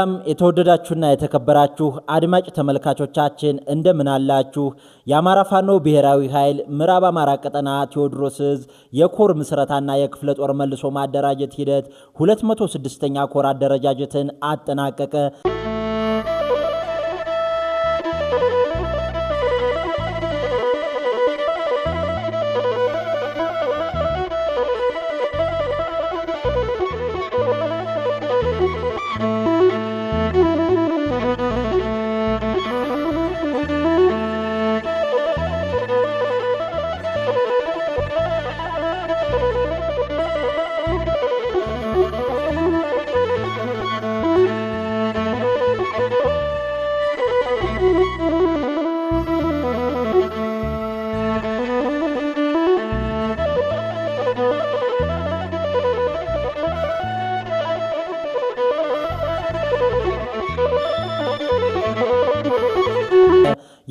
ሰላም የተወደዳችሁና የተከበራችሁ አድማጭ ተመልካቾቻችን እንደምን አላችሁ? የአማራ ፋኖ ብሔራዊ ኃይል ምዕራብ አማራ ቀጠና ቴዎድሮስ እዝ የኮር ምስረታና የክፍለ ጦር መልሶ ማደራጀት ሂደት 206ኛ ኮር አደረጃጀትን አጠናቀቀ።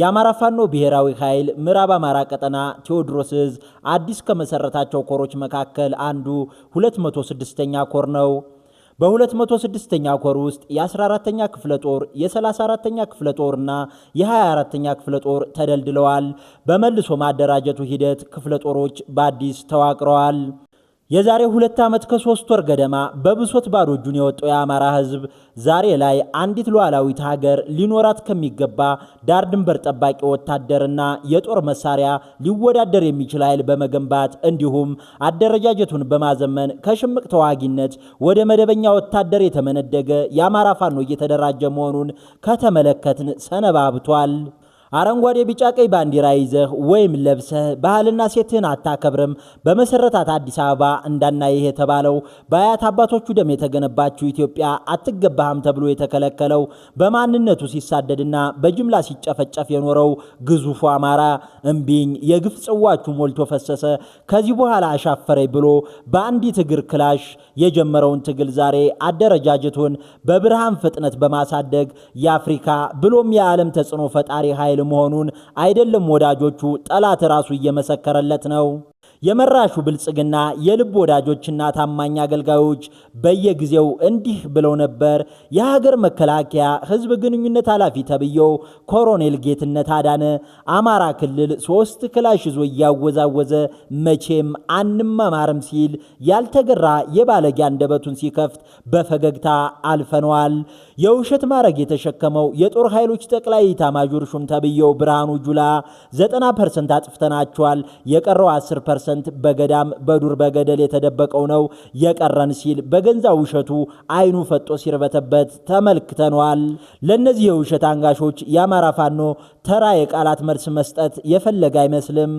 የአማራ ፋኖ ብሔራዊ ኃይል ምዕራብ አማራ ቀጠና ቴዎድሮስ እዝ አዲስ ከመሰረታቸው ኮሮች መካከል አንዱ 206ኛ ኮር ነው። በ206ኛ ኮር ውስጥ የ14ኛ ክፍለ ጦር የ34ኛ ክፍለ ጦርና የ24ኛ ክፍለ ጦር ተደልድለዋል። በመልሶ ማደራጀቱ ሂደት ክፍለ ጦሮች በአዲስ ተዋቅረዋል። የዛሬ ሁለት ዓመት ከሶስት ወር ገደማ በብሶት ባዶ እጁን የወጣው የአማራ ሕዝብ ዛሬ ላይ አንዲት ሉዓላዊት ሀገር ሊኖራት ከሚገባ ዳር ድንበር ጠባቂ ወታደርና የጦር መሳሪያ ሊወዳደር የሚችል ኃይል በመገንባት እንዲሁም አደረጃጀቱን በማዘመን ከሽምቅ ተዋጊነት ወደ መደበኛ ወታደር የተመነደገ የአማራ ፋኖ እየተደራጀ መሆኑን ከተመለከትን ሰነባብቷል። አረንጓዴ፣ ቢጫ፣ ቀይ ባንዲራ ይዘህ ወይም ለብሰህ ባህልና ሴትህን አታከብርም። በመሰረታት አዲስ አበባ እንዳናይህ የተባለው በአያት አባቶቹ ደም የተገነባችው ኢትዮጵያ አትገባህም ተብሎ የተከለከለው በማንነቱ ሲሳደድና በጅምላ ሲጨፈጨፍ የኖረው ግዙፉ አማራ እምቢኝ የግፍ ጽዋቹ ሞልቶ ፈሰሰ፣ ከዚህ በኋላ አሻፈረኝ ብሎ በአንዲት እግር ክላሽ የጀመረውን ትግል ዛሬ አደረጃጀቱን በብርሃን ፍጥነት በማሳደግ የአፍሪካ ብሎም የዓለም ተጽዕኖ ፈጣሪ ኃይል ኃይል መሆኑን አይደለም ወዳጆቹ ጠላት ራሱ እየመሰከረለት ነው። የመራሹ ብልጽግና የልብ ወዳጆችና ታማኝ አገልጋዮች በየጊዜው እንዲህ ብለው ነበር። የሀገር መከላከያ ህዝብ ግንኙነት ኃላፊ ተብዬው ኮሎኔል ጌትነት አዳነ አማራ ክልል ሶስት ክላሽ ይዞ እያወዛወዘ መቼም አንማማርም ሲል ያልተገራ የባለጌ አንደበቱን ሲከፍት በፈገግታ አልፈነዋል። የውሸት ማድረግ የተሸከመው የጦር ኃይሎች ጠቅላይ ኢታማዦር ሹም ተብዬው ብርሃኑ ጁላ 90 ፐርሰንት አጥፍተናቸዋል የቀረው 10 ፐርሰንት በገዳም በዱር በገደል የተደበቀው ነው የቀረን ሲል በገንዛ ውሸቱ አይኑ ፈጦ ሲርበተበት ተመልክተነዋል። ለእነዚህ የውሸት አንጋሾች የአማራ ፋኖ ተራ የቃላት መልስ መስጠት የፈለገ አይመስልም።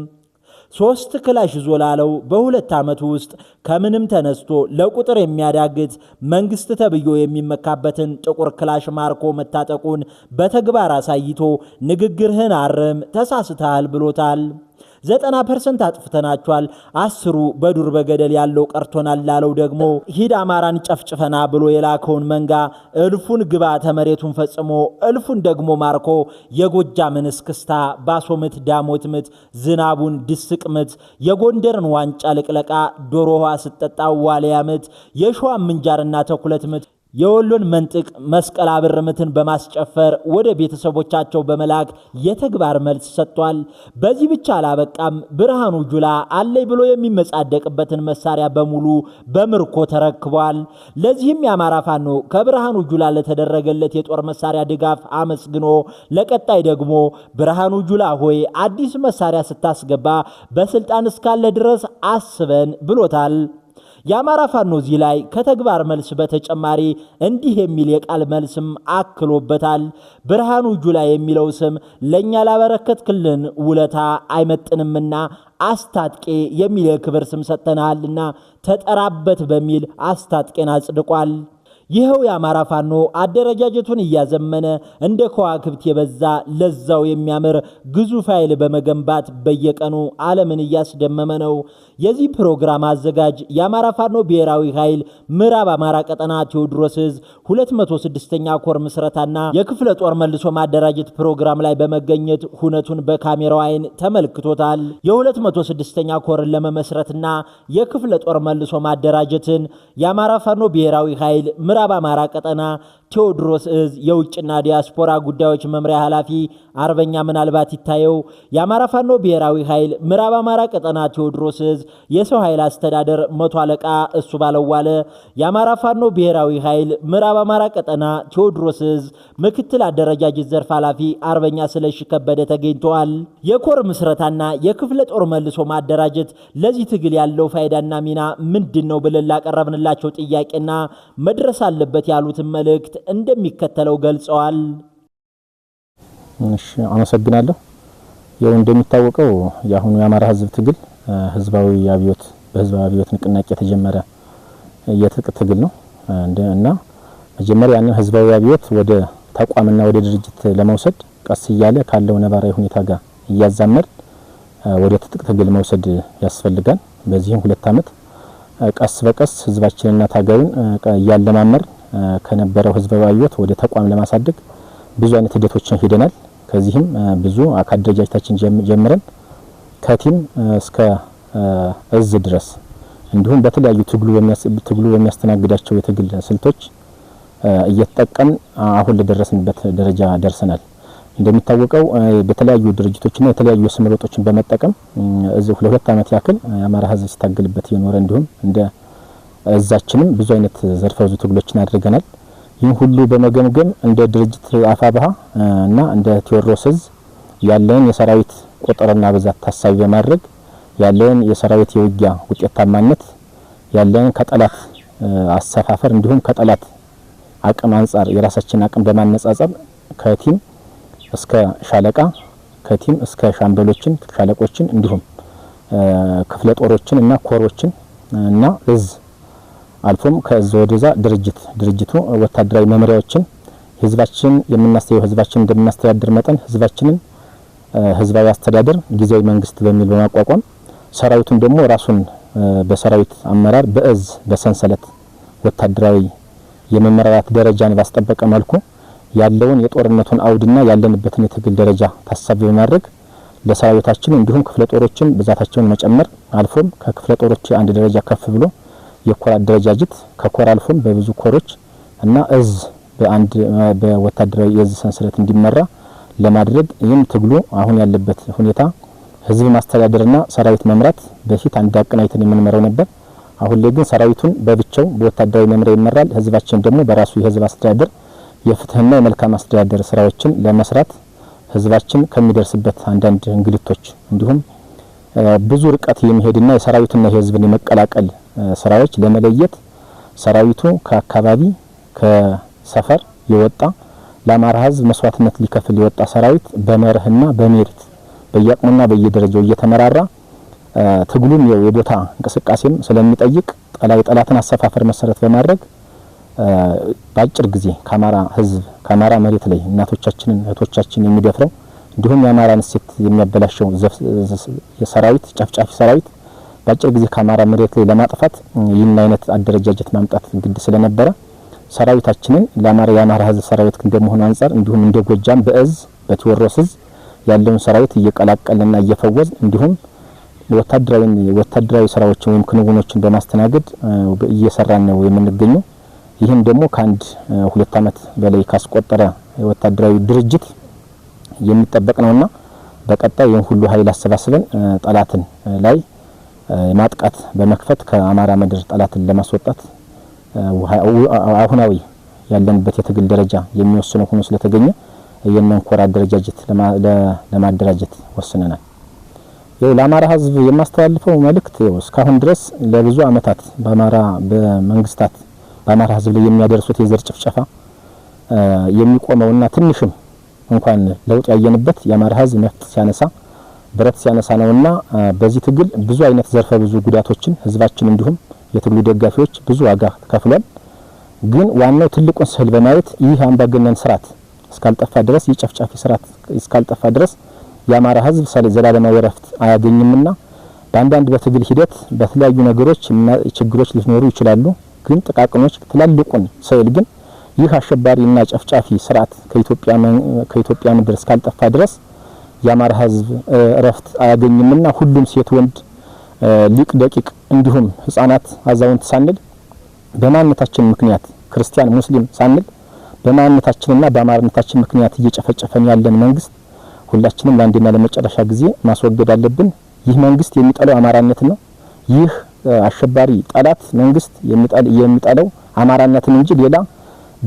ሶስት ክላሽ ይዞ ላለው በሁለት ዓመቱ ውስጥ ከምንም ተነስቶ ለቁጥር የሚያዳግት መንግስት ተብዮ የሚመካበትን ጥቁር ክላሽ ማርኮ መታጠቁን በተግባር አሳይቶ ንግግርህን አርም ተሳስተሃል ብሎታል። ዘጠና ፐርሰንት አጥፍተናቸዋል፣ አስሩ በዱር በገደል ያለው ቀርቶናል ላለው ደግሞ ሂድ አማራን ጨፍጭፈና ብሎ የላከውን መንጋ እልፉን ግባ መሬቱን ፈጽሞ እልፉን ደግሞ ማርኮ የጎጃምን እስክስታ ባሶ ምት፣ ዳሞት ምት፣ ዝናቡን ድስቅ ምት፣ የጎንደርን ዋንጫ ልቅለቃ ዶሮ ውሃ ስጠጣ ዋልያ ምት፣ የሸዋ ምንጃርና ተኩለት ምት የወሎን መንጥቅ መስቀል አብርምትን በማስጨፈር ወደ ቤተሰቦቻቸው በመላክ የተግባር መልስ ሰጥቷል። በዚህ ብቻ አላበቃም። ብርሃኑ ጁላ አለይ ብሎ የሚመጻደቅበትን መሳሪያ በሙሉ በምርኮ ተረክቧል። ለዚህም የአማራ ፋኖ ከብርሃኑ ጁላ ለተደረገለት የጦር መሳሪያ ድጋፍ አመስግኖ ለቀጣይ ደግሞ ብርሃኑ ጁላ ሆይ አዲስ መሳሪያ ስታስገባ በስልጣን እስካለ ድረስ አስበን ብሎታል። የአማራ ፋኖ እዚህ ላይ ከተግባር መልስ በተጨማሪ እንዲህ የሚል የቃል መልስም አክሎበታል። ብርሃኑ ጁላ የሚለው ስም ለእኛ ላበረከትክልን ውለታ አይመጥንምና አስታጥቄ የሚል የክብር ስም ሰጥተናሃልና ተጠራበት በሚል አስታጥቄን አጽድቋል። ይኸው የአማራ ፋኖ አደረጃጀቱን እያዘመነ እንደ ከዋክብት የበዛ ለዛው የሚያምር ግዙፍ ኃይል በመገንባት በየቀኑ ዓለምን እያስደመመ ነው። የዚህ ፕሮግራም አዘጋጅ የአማራ ፋኖ ብሔራዊ ኃይል ምዕራብ አማራ ቀጠና ቴዎድሮስ ዝ 206ኛ ኮር ምስረታና የክፍለ ጦር መልሶ ማደራጀት ፕሮግራም ላይ በመገኘት ሁነቱን በካሜራው አይን ተመልክቶታል። የ206ኛ ኮርን ለመመስረትና የክፍለ ጦር መልሶ ማደራጀትን የአማራ ፋኖ ብሔራዊ ኃይል በምዕራብ አማራ ቀጠና ቴዎድሮስ እዝ የውጭና ዲያስፖራ ጉዳዮች መምሪያ ኃላፊ አርበኛ ምናልባት ይታየው፣ የአማራ ፋኖ ብሔራዊ ኃይል ምዕራብ አማራ ቀጠና ቴዎድሮስ እዝ የሰው ኃይል አስተዳደር መቶ አለቃ እሱ ባለዋለ፣ የአማራ ፋኖ ብሔራዊ ኃይል ምዕራብ አማራ ቀጠና ቴዎድሮስ እዝ ምክትል አደረጃጀት ዘርፍ ኃላፊ አርበኛ ስለሺ ከበደ ተገኝተዋል። የኮር ምስረታና የክፍለ ጦር መልሶ ማደራጀት ለዚህ ትግል ያለው ፋይዳና ሚና ምንድን ነው ብለን ላቀረብንላቸው ጥያቄና መድረስ አለበት ያሉትን መልእክት እንደሚከተለው ገልጸዋል። አመሰግናለሁ። ያው እንደሚታወቀው የአሁኑ የአማራ ህዝብ ትግል ህዝባዊ አብዮት በህዝባዊ አብዮት ንቅናቄ የተጀመረ የትጥቅ ትግል ነው እና መጀመሪያ ያንን ህዝባዊ አብዮት ወደ ተቋምና ወደ ድርጅት ለመውሰድ ቀስ እያለ ካለው ነባራዊ ሁኔታ ጋር እያዛመድ ወደ ትጥቅ ትግል መውሰድ ያስፈልጋል። በዚህም ሁለት አመት ቀስ በቀስ ህዝባችንና ታጋዩን እያለማመር ከነበረው ህዝባዊ አብዮት ወደ ተቋም ለማሳደግ ብዙ አይነት ሂደቶችን ሂደናል። ከዚህም ብዙ ከአደረጃጀታችን ጀምረን ከቲም እስከ እዝ ድረስ እንዲሁም በተለያዩ ትግሉ በሚያስተናግዳቸው የትግል ስልቶች እየተጠቀም አሁን ለደረስንበት ደረጃ ደርሰናል። እንደሚታወቀው በተለያዩ ድርጅቶችና የተለያዩ የስምሮጦችን በመጠቀም እዚህ ለሁለት ዓመት ያክል የአማራ ህዝብ ሲታገልበት የኖረ እንዲሁም እንደ እዛችንም ብዙ አይነት ዘርፈ ብዙ ትግሎችን አድርገናል። ይህን ሁሉ በመገምገም እንደ ድርጅት አፋብሃ እና እንደ ቴዎድሮስ እዝ ያለንን የሰራዊት ቁጥርና ብዛት ታሳቢ በማድረግ ያለን የሰራዊት የውጊያ ውጤታማነት ያለን ከጠላት አሰፋፈር እንዲሁም ከጠላት አቅም አንጻር የራሳችን አቅም በማነጻጸር ከቲም እስከ ሻለቃ ከቲም እስከ ሻምበሎችን ሻለቆችን እንዲሁም ክፍለ ጦሮችን እና ኮሮችን እና እዝ አልፎም ከዛ ወደዛ ድርጅት ድርጅቱ ወታደራዊ መመሪያዎችን ህዝባችን የምናስተያየው ህዝባችን እንደምናስተዳድር መጠን ህዝባችንን ህዝባዊ አስተዳደር ጊዜያዊ መንግስት በሚል በማቋቋም ሰራዊቱን ደግሞ ራሱን በሰራዊት አመራር በእዝ በሰንሰለት ወታደራዊ የመመራራት ደረጃን ባስጠበቀ መልኩ ያለውን የጦርነቱን አውድና ያለንበትን የትግል ደረጃ ታሳቢ በማድረግ ለሰራዊታችን እንዲሁም ክፍለ ጦሮችን ብዛታቸውን መጨመር አልፎም ከክፍለ ጦሮች አንድ ደረጃ ከፍ ብሎ የኮር አደረጃጀት ከኮር አልፎም በብዙ ኮሮች እና እዝ በአንድ በወታደራዊ የእዝ ሰንሰለት እንዲመራ ለማድረግ ይህም ትግሉ አሁን ያለበት ሁኔታ ህዝብ ማስተዳደርና ሰራዊት መምራት በፊት አንድ አቀናይተን የምንመራው ነበር። አሁን ላይ ግን ሰራዊቱን በብቻው በወታደራዊ መምሪያ ይመራል። ህዝባችን ደግሞ በራሱ የህዝብ አስተዳደር የፍትህና የመልካም አስተዳደር ስራዎችን ለመስራት ህዝባችን ከሚደርስበት አንዳንድ እንግልቶች እንዲሁም ብዙ ርቀት የሚሄድና የሰራዊትና የህዝብን የመቀላቀል ስራዎች ለመለየት ሰራዊቱ ከአካባቢ ከሰፈር የወጣ ለአማራ ህዝብ መስዋዕትነት ሊከፍል የወጣ ሰራዊት በመርህና በሜሪት በየአቅሙና በየደረጃው እየተመራራ ትግሉም የቦታ እንቅስቃሴም ስለሚጠይቅ የጠላትን አሰፋፈር መሰረት በማድረግ በአጭር ጊዜ ከአማራ ህዝብ ከአማራ መሬት ላይ እናቶቻችንን እህቶቻችን የሚደፍረው እንዲሁም የአማራን ሴት የሚያበላሸው የሰራዊት ጨፍጫፊ ሰራዊት በአጭር ጊዜ ከአማራ መሬት ላይ ለማጥፋት ይህን አይነት አደረጃጀት ማምጣት ግድ ስለነበረ ሰራዊታችንን ለአማራ የአማራ ህዝብ ሰራዊት እንደመሆኑ አንጻር እንዲሁም እንደ ጎጃም በእዝ በቴዎድሮስ እዝ ያለውን ሰራዊት እየቀላቀልና እየፈወዝ እንዲሁም ወታደራዊ ወታደራዊ ስራዎችን ወይም ክንውኖችን በማስተናገድ እየሰራን ነው የምንገኘው። ይህም ደግሞ ከአንድ ሁለት አመት በላይ ካስቆጠረ ወታደራዊ ድርጅት የሚጠበቅ ነውና በቀጣይ ይህን ሁሉ ኃይል አሰባስበን ጠላትን ላይ ማጥቃት በመክፈት ከአማራ ምድር ጠላትን ለማስወጣት አሁናዊ ያለንበት የትግል ደረጃ የሚወስነው ሆኖ ስለተገኘ የነን ኮር አደረጃጀት ለማደራጀት ወስነናል። ይኸው ለአማራ ሕዝብ የማስተላልፈው መልእክት እስካሁን ድረስ ለብዙ ዓመታት በአማራ በመንግስታት በአማራ ህዝብ ላይ የሚያደርሱት የዘር ጭፍጨፋ የሚቆመውና ትንሽም እንኳን ለውጥ ያየንበት የአማራ ህዝብ መፍት ሲያነሳ ብረት ሲያነሳ ነውና በዚህ ትግል ብዙ አይነት ዘርፈ ብዙ ጉዳቶችን ህዝባችን እንዲሁም የትግሉ ደጋፊዎች ብዙ ዋጋ ከፍሏል። ግን ዋናው ትልቁን ስዕል በማየት ይህ አምባገነን ስርዓት እስካልጠፋ ድረስ ይህ ስርዓት እስካልጠፋ ድረስ የአማራ ህዝብ ዘላለማዊ እረፍት አያገኝምና በአንዳንድ በትግል ሂደት በተለያዩ ነገሮች እና ችግሮች ሊኖሩ ይችላሉ። ግን ጥቃቅኖች ትላልቁን ስዕል ግን ይህ አሸባሪና ጨፍጫፊ ስርዓት ከኢትዮጵያ ምድር እስካልጠፋ ድረስ የአማራ ህዝብ እረፍት አያገኝምና ሁሉም ሴት ወንድ፣ ሊቅ ደቂቅ፣ እንዲሁም ህጻናት፣ አዛውንት ሳንል በማንነታችን ምክንያት ክርስቲያን ሙስሊም ሳንል በማንነታችንና በአማራነታችን ምክንያት እየጨፈጨፈን ያለን መንግስት ሁላችንም ለአንድና ለመጨረሻ ጊዜ ማስወገድ አለብን። ይህ መንግስት የሚጠላው አማራነት ነው። ይህ አሸባሪ ጠላት መንግስት የሚጠላው አማራነትን እንጂ ሌላ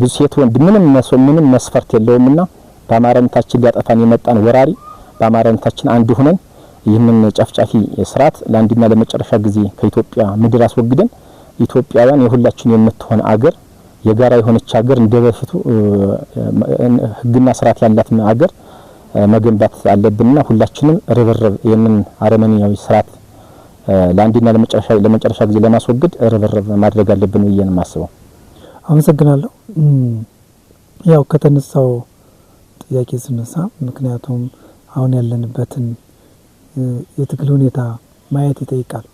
ብዙ ሴት ወንድ ምንም ምንም መስፈርት የለውምና በአማራነታችን ሊያጠፋን የመጣን ወራሪ በአማራነታችን አንድ ሆነን ይህንን ጨፍጫፊ ስርዓት ለአንድና ለመጨረሻ ጊዜ ከኢትዮጵያ ምድር አስወግደን ኢትዮጵያውያን የሁላችን የምትሆን አገር የጋራ የሆነች ሀገር እንደ በፊቱ ሕግና ስርዓት ያላት ሀገር መገንባት አለብንና ሁላችንም ርብርብ ይህንን አረመኔያዊ ስርዓት ለአንድና ለመጨረሻ ጊዜ ለማስወገድ ርብርብ ማድረግ አለብን ብዬ ነው የማስበው። አመሰግናለሁ። ያው ከተነሳው ጥያቄ ስነሳ ምክንያቱም አሁን ያለንበትን የትግል ሁኔታ ማየት ይጠይቃል።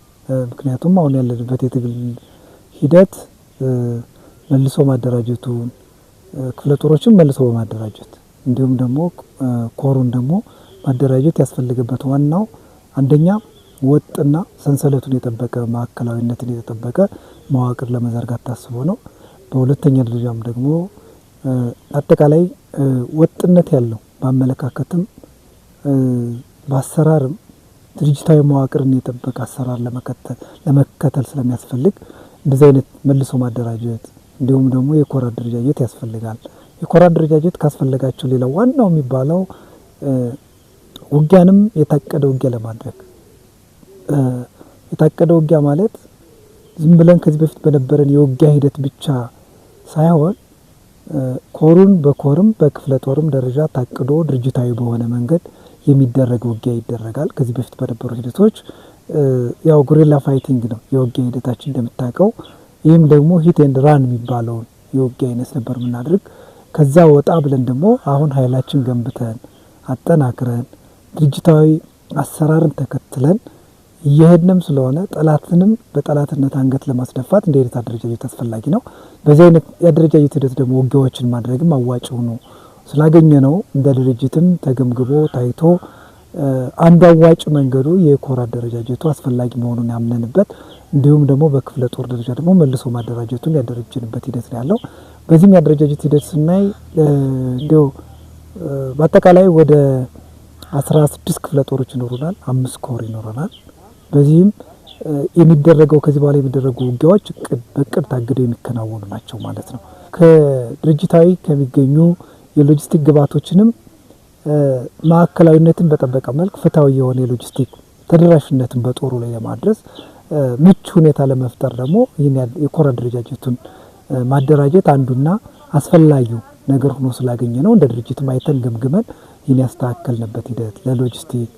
ምክንያቱም አሁን ያለንበት የትግል ሂደት መልሶ ማደራጀቱን ክፍለ ጦሮችን መልሶ በማደራጀት እንዲሁም ደግሞ ኮሩን ደግሞ ማደራጀት ያስፈልግበት ዋናው አንደኛ ወጥና ሰንሰለቱን የጠበቀ ማዕከላዊነትን የተጠበቀ መዋቅር ለመዘርጋት ታስቦ ነው። በሁለተኛ ደረጃም ደግሞ አጠቃላይ ወጥነት ያለው በአመለካከትም በአሰራር ድርጅታዊ መዋቅርን የጠበቀ አሰራር ለመከተል ስለሚያስፈልግ እንደዚህ አይነት መልሶ ማደራጀት እንዲሁም ደግሞ የኮር አደረጃጀት ያስፈልጋል። የኮር አደረጃጀት ካስፈለጋቸው ሌላ ዋናው የሚባለው ውጊያንም የታቀደ ውጊያ ለማድረግ የታቀደ ውጊያ ማለት ዝም ብለን ከዚህ በፊት በነበረን የውጊያ ሂደት ብቻ ሳይሆን ኮሩን በኮርም በክፍለ ጦርም ደረጃ ታቅዶ ድርጅታዊ በሆነ መንገድ የሚደረግ ውጊያ ይደረጋል። ከዚህ በፊት በነበሩ ሂደቶች ያው ጉሪላ ፋይቲንግ ነው የውጊያ ሂደታችን እንደምታውቀው። ይህም ደግሞ ሂት ኤንድ ራን የሚባለውን የውጊያ አይነት ነበር የምናደርግ። ከዛ ወጣ ብለን ደግሞ አሁን ኃይላችን ገንብተን አጠናክረን ድርጅታዊ አሰራርን ተከትለን ይህንም ስለሆነ ጠላትንም በጠላትነት አንገት ለማስደፋት እንዲህ አይነት አደረጃጀት አስፈላጊ ነው። በዚህ አይነት የአደረጃጀት ሂደት ደግሞ ውጊያዎችን ማድረግም አዋጭ ሆኖ ስላገኘ ነው እንደ ድርጅትም ተገምግቦ ታይቶ አንዱ አዋጭ መንገዱ የኮር አደረጃጀቱ አስፈላጊ መሆኑን ያምነንበት እንዲሁም ደግሞ በክፍለ ጦር ደረጃ ደግሞ መልሶ ማደራጀቱን ያደረጅንበት ሂደት ነው ያለው። በዚህም ያደረጃጀት ሂደት ስናይ እንዲሁ በአጠቃላይ ወደ አስራ ስድስት ክፍለ ጦሮች ይኖሩናል፣ አምስት ኮር ይኖረናል። በዚህም የሚደረገው ከዚህ በኋላ የሚደረጉ ውጊያዎች በቅድ ታግደው የሚከናወኑ ናቸው ማለት ነው። ከድርጅታዊ ከሚገኙ የሎጂስቲክ ግብዓቶችንም ማዕከላዊነትን በጠበቀ መልክ ፍትሐዊ የሆነ የሎጂስቲክ ተደራሽነትን በጦሩ ላይ ለማድረስ ምቹ ሁኔታ ለመፍጠር ደግሞ ይህን ያህል የኮር አደረጃጀቱን ማደራጀት አንዱና አስፈላጊው ነገር ሆኖ ስላገኘ ነው። እንደ ድርጅት አይተን ገምግመን ይህን ያስተካከልንበት ሂደት ለሎጂስቲክ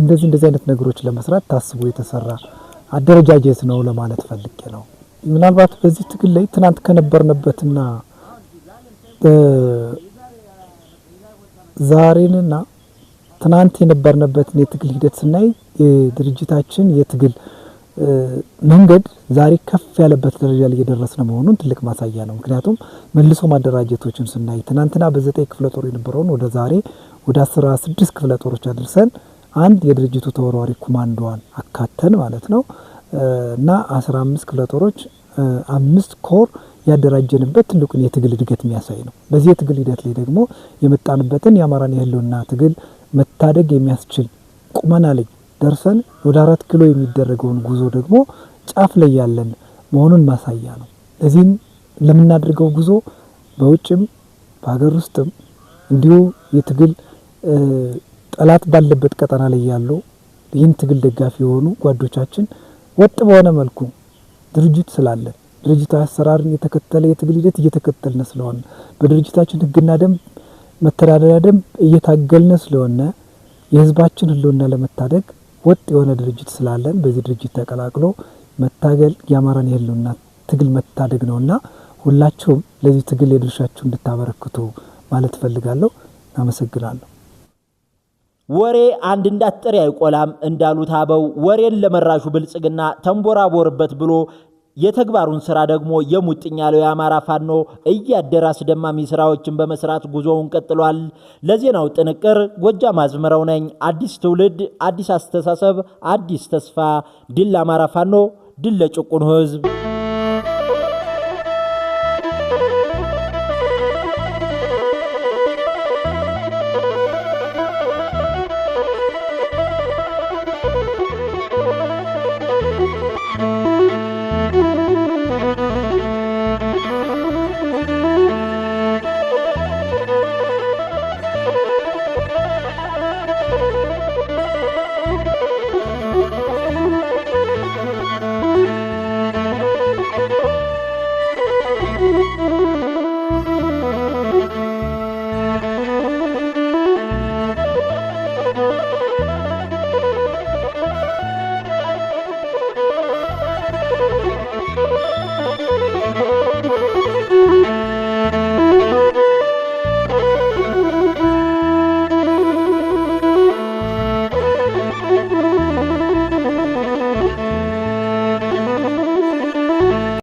እንደዚህ እንደዚህ አይነት ነገሮች ለመስራት ታስቦ የተሰራ አደረጃጀት ነው ለማለት ፈልጌ ነው። ምናልባት በዚህ ትግል ላይ ትናንት ከነበርንበትና ዛሬንና ትናንት የነበርንበትን የትግል ሂደት ስናይ የድርጅታችን የትግል መንገድ ዛሬ ከፍ ያለበት ደረጃ ላይ እየደረስን መሆኑን ትልቅ ማሳያ ነው። ምክንያቱም መልሶ ማደራጀቶችን ስናይ ትናንትና በዘጠኝ ክፍለ ጦር የነበረውን ወደ ዛሬ ወደ አስራ ስድስት ክፍለ ጦሮች አድርሰን አንድ የድርጅቱ ተወርዋሪ ኮማንዶዋን አካተን ማለት ነው እና አስራ አምስት ክፍለ ጦሮች አምስት ኮር ያደራጀንበት ትልቁን የትግል እድገት የሚያሳይ ነው። በዚህ የትግል ሂደት ላይ ደግሞ የመጣንበትን የአማራን የህልውና ትግል መታደግ የሚያስችል ቁመና ላይ ደርሰን ወደ አራት ኪሎ የሚደረገውን ጉዞ ደግሞ ጫፍ ላይ ያለን መሆኑን ማሳያ ነው። ለዚህም ለምናደርገው ጉዞ በውጭም በሀገር ውስጥም እንዲሁ የትግል ጠላት ባለበት ቀጠና ላይ ያሉ ይህን ትግል ደጋፊ የሆኑ ጓዶቻችን ወጥ በሆነ መልኩ ድርጅት ስላለን ድርጅት አሰራርን የተከተለ የትግል ሂደት እየተከተልን ስለሆነ በድርጅታችን ህግና ደንብ መተዳደሪያ ደንብ እየታገልነ ስለሆነ የህዝባችን ህልውና ለመታደግ ወጥ የሆነ ድርጅት ስላለን በዚህ ድርጅት ተቀላቅሎ መታገል የአማራን የህልውና ትግል መታደግ ነውና ሁላችሁም ለዚህ ትግል የድርሻችሁ እንድታበረክቱ ማለት እፈልጋለሁ። አመሰግናለሁ። ወሬ አንድ እንዳት ጥሬ አይቆላም እንዳሉት አበው ወሬን ለመራሹ ብልጽግና ተንቦራቦርበት ብሎ የተግባሩን ስራ ደግሞ የሙጥኝ ያለው የአማራ ፋኖ እያደረ አስደማሚ ስራዎችን በመስራት ጉዞውን ቀጥሏል። ለዜናው ጥንቅር ጎጃም አዝመረው ነኝ። አዲስ ትውልድ፣ አዲስ አስተሳሰብ፣ አዲስ ተስፋ። ድል አማራ ፋኖ፣ ድል ለጭቁኑ ህዝብ።